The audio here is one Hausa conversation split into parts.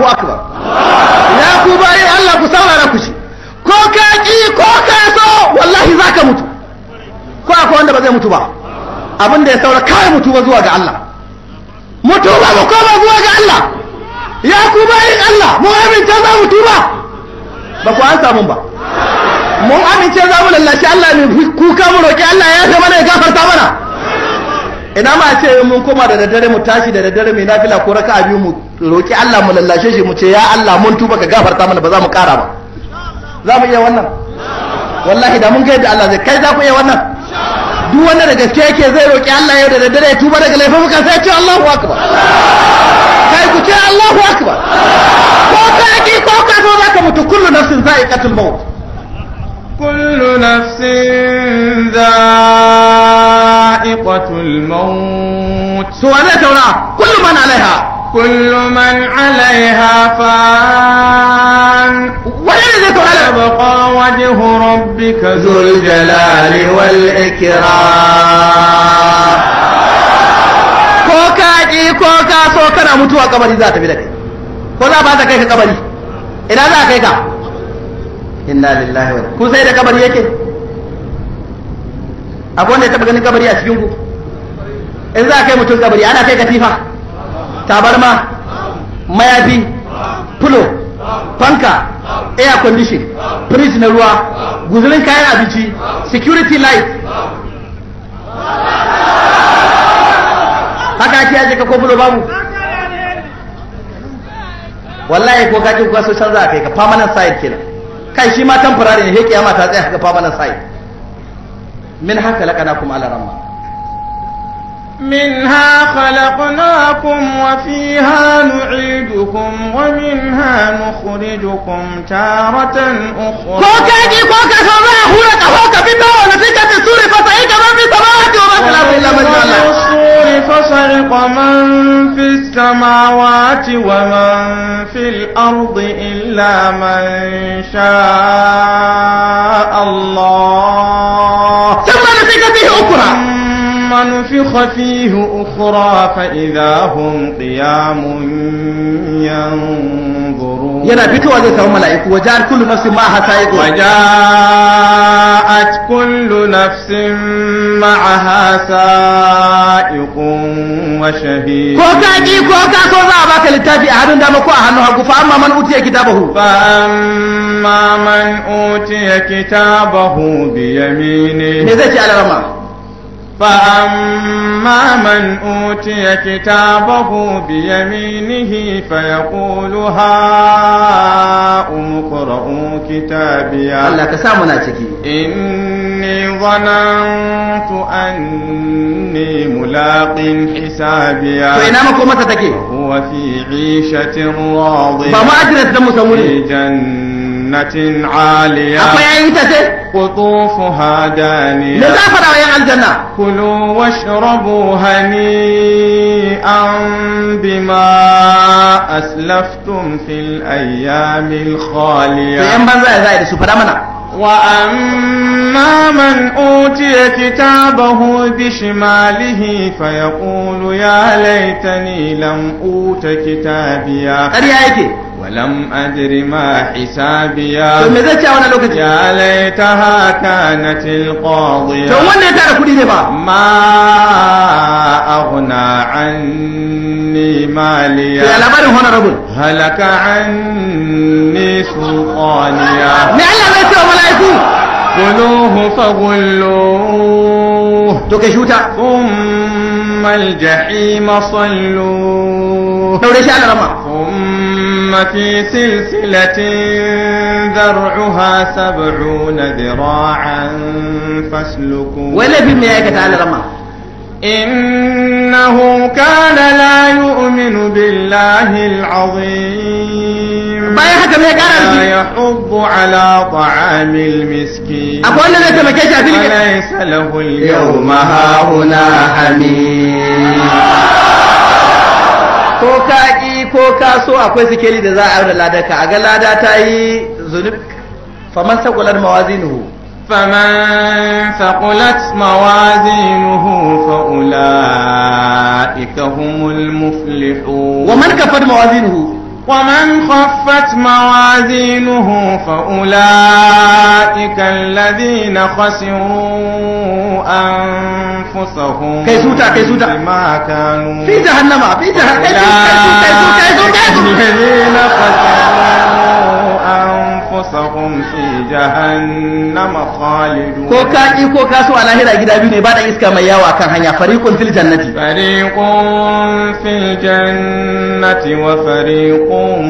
ko akbar ya ku bari Allah ku saurara ku shi ko ka ki ko ka so wallahi zaka mutu ko akwai wanda ba zai mutu ba abin da ya saura kawai mutu ba zuwa ga Allah mutu ba ko ba zuwa ga Allah ya ku bari Allah mu amince za mutu ba ba ku an mun ba mu amince za mu lallashi Allah mu kuka mu roki Allah ya yafe mana ya gafarta mana ina ma ce mun koma da daddare mu tashi da daddare mai nafila ko raka'a biyu mu roki Allah mu lallashe shi mu ce ya Allah mun tuba ka gafarta mana ba za mu kara ba za mu iya wannan wallahi da mun ga yadda Allah zai kai za ku iya wannan duk wanda da gaske yake zai roki Allah yau da daddare ya tuba daga muka sai ce Allahu akbar kai ku ce Allahu akbar ko ka ki ko ka zo za ka mutu kullu nafsin za'iqatul maut kullu nafsin za'iqatul maut so ana taura kullu man alaiha كل من عليها فان ويبقى وجه ربك ذو الجلال والإكرام كوكا جي كوكا سوكا نموتوا قبري ذات بلدي كوكا بعد كيك قبري إلا ذا كيك إنا لله وإنا كو سيدة قبري يكي أبوان يتبقى نقبري أسجنكو إن ذا كي متوز قبري أنا كيك تيفا tabarma mayafi fulo fanka air condition fridge na ruwa guzurin kayan abinci security light haka ake yaje ka ko fulo babu wallahi ko ka ji kuwa so canza kai ka permanent ke kenan kai shi ma temporary ne he kiyama ta tsaya ka permanent site min haka lakana kuma ala ramma منها خلقناكم وفيها نعيدكم ومنها نخرجكم تارة أخرى كوكاجي كوكا سماء هنا كوكا بنا في السور فصعيك إيه من في السماوات ومن في إلا من جل السور فصعق من في السماوات ومن في الأرض إلا من شاء الله ثم نتيجة أخرى ثم نفخ فيه أخرى فإذا هم قيام ينظرون ينا بك وزيت الملائك وجار كل نفس ما سائق وجاءت كل نفس معها سائق وشهيد كوكاكي كوكا صوزا أباك للتابع أحد دام كوها نهاكو فأما من أوتي كتابه فأما من أوتي كتابه بيمينه ماذا على رمى فأما من أوتي كتابه بيمينه فيقول هاؤم اقرءوا كتابيا الله كسامنا تكي إني ظننت أني ملاق حسابيا فإنما كومة تكي هو في عيشة راضية فما أجرت دم سمولي في جنة جنة عالية قطوفها دانية كلوا واشربوا هنيئا بما أسلفتم في الأيام الخالية وأما من أوتي كتابه بشماله فيقول يا ليتني لم أوت كتابيا ولم أدر ما حسابيا يا ليتها كانت القاضية ما أغنى عني ماليا هلك عني سلطانيا خذوه فغلوه دوكي شوتا ثم الجحيم صلوه نوري شعر رمى ثم في سلسلة ذرعها سبعون ذراعا فاسلكوه ولا في النهاية تعالى رمى إنه كان لا يؤمن بالله العظيم mai kara arziki yahuddu ala ta'amil miskin akwai wanda zai taimake shi a filin alaysa ko ka ki ko ka so akwai sikeli da za a aure ladaka a ga lada ta yi zunub faman saqulat mawazinuhu فمن ثقلت موازينه فأولئك هم المفلحون ومن كفت موازينه ومن خفت موازينه فأولئك الذين خسروا أنفسهم بما كانوا في جهنم في جهنم الذين خسروا hum fi jahannama khalidun ko ka ki ko ka so a lahira gida biyu ne ba da iska mai yawa kan hanya fariqun fil jannati fariqun fil jannati wa fariqun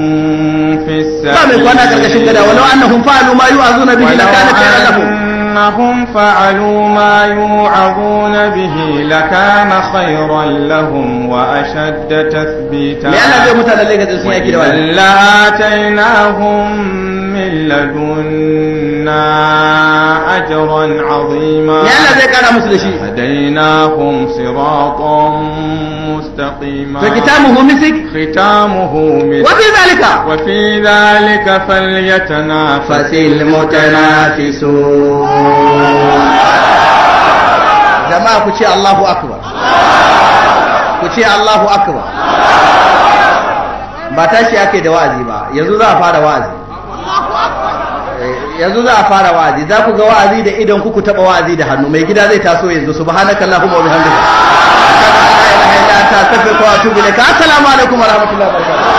fis sa'ir ba mai kwana karkashin gada walau annahum fa'alu ma yu'azuna bihi lakana khairan lahum أنهم فعلوا ما يوعظون به لكان خيرا لهم وأشد تثبيتا وإذا آتيناهم من لدنا أجرا عظيما هديناهم صراطا مستقيما فختامه مسك ختامه مسك وفي ذلك وفي ذلك فليتنافس المتنافسون jama'a ku ce Allahu akbar tashi ake da wa'azi ba yanzu za a fara wa'azi eh, za ku ga wa'azi da idan ku ku taba wa'azi da hannu mai gida zai taso yanzu subhanaka allahumma wa bihamdika ta tafi ko atubu ilaika assalamu alaikum wa rahmatullahi wa barakatuh